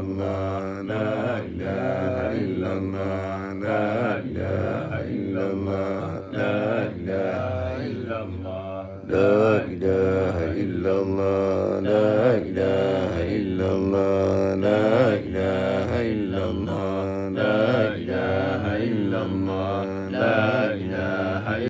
illallah la ilahe